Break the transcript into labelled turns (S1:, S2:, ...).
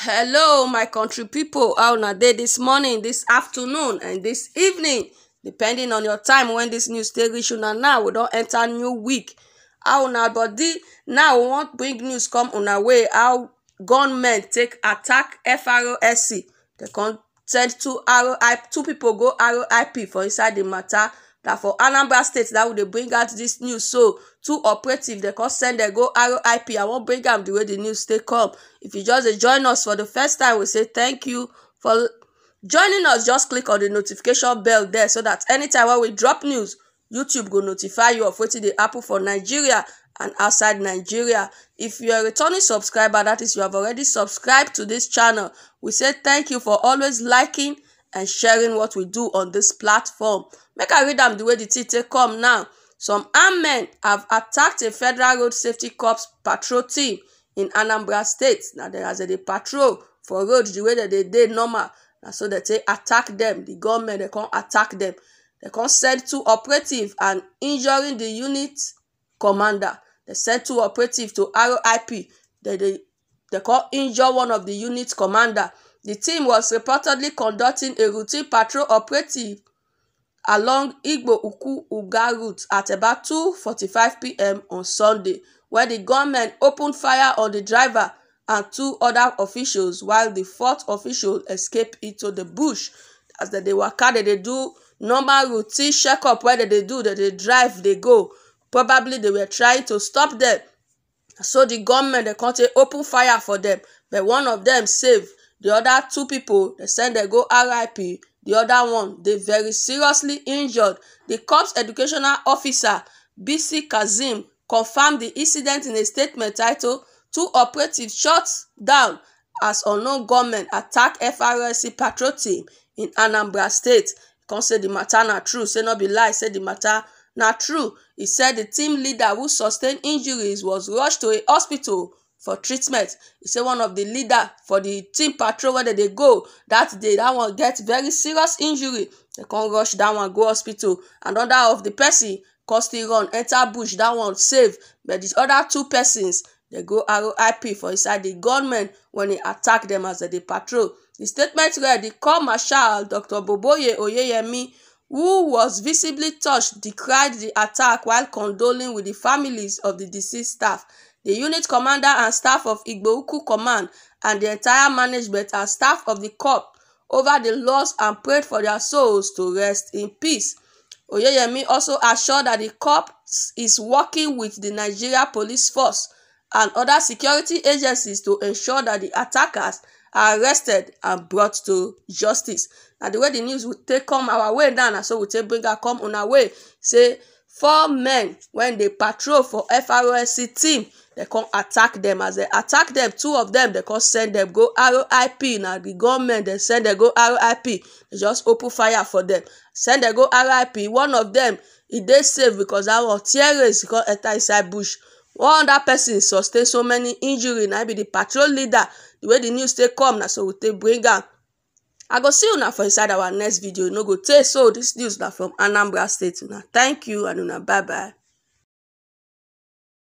S1: hello my country people. how una dey this morning this afternoon and this evening depending on your time when this news dey reach una now we don enter new week how una body now we wan bring news come una way how gunmen take attack frosc dem con send two rip two people go rip for inside the matter na for anambra state that we dey bring out this news so two operatives dem come send dem go roip i wan bring am the way the news take come if you just dey join us for the first time we say thank you for joining us just click on the notification bell there so that anytime when we drop news youtube go notify you of wetin dey happen for nigeria and outside nigeria if you are a returning subscriber that is you have already subscribed to this channel we say thank you for always liking and sharing what we do on this platform. Make I read them the way the tin take come now. Some armed men have attacked a Federal Road Safety Corps patrol team in Anambra State. Now dem as dem dey patrol for road the way that they did normal Now so that they attack them, the government they can't attack them. They come send two operative and injuring the unit commander. They send two operative to RIP. They they they come injure one of the unit commander. The team was reportedly conducting a routine patrol operative along Igbo-Ukwu-Uga route at about 2:45 p.m. on Sunday when the gunmen opened fire on the driver and two other officials while the fourth official escaped into the bush. As they were waka, they do normal routine checkup where they do that they drive, they go. Probably they were trying to stop them. So the gunmen, they come open fire for them, but one of them saved. The other two people, they send them go RIP. The other one, they very seriously injured. The corps educational officer, BC Kazim, confirmed the incident in a statement titled, Two Operatives Shot Down as Unknown Gunmen Attack FRSC Patrol Team in Anambra State. Come say the matter not true, say not be lie, say the matter not true. He said the team leader who sustained injuries was rushed to a hospital for treatment he say one of the leader for the team patrol where they dey go that day that one get very serious injury dem come rush dat one go hospital Another of the person come still run enter bush that one save but the other two persons dem go roip for inside the gunmen when he attack them as dem dey patrol The statement read the corps marshal dr boboye oyeyemi who was visibly touched decried the attack while condoling with the families of the deceased staff The unit commander and staff of Igboukuru Command and the entire management and staff of the corp over the loss and prayed for their souls to rest in peace. Oyeyemi also assured that the corp is working with the Nigeria Police Force and other security agencies to ensure that the attackers are arrested and brought to justice. Na the way the news will take come our way now, na so we take bring am come una way say four men wen dey patrol for frosc team dem come attack dem as dem attack dem two of dem dem come send dem go R.I.P. na di gunmen dem send dem go R.I.P. dem just open fire for dem send dem go R.I.P. one of dem e dey safe because dat one tear race e come enta inside bush one oda pesin sustain so many injury na be the patrol leader the way the news take come na so we take bring am i go see una for inside our next video no go tey so this news na from anambra state Now thank you and una bye bye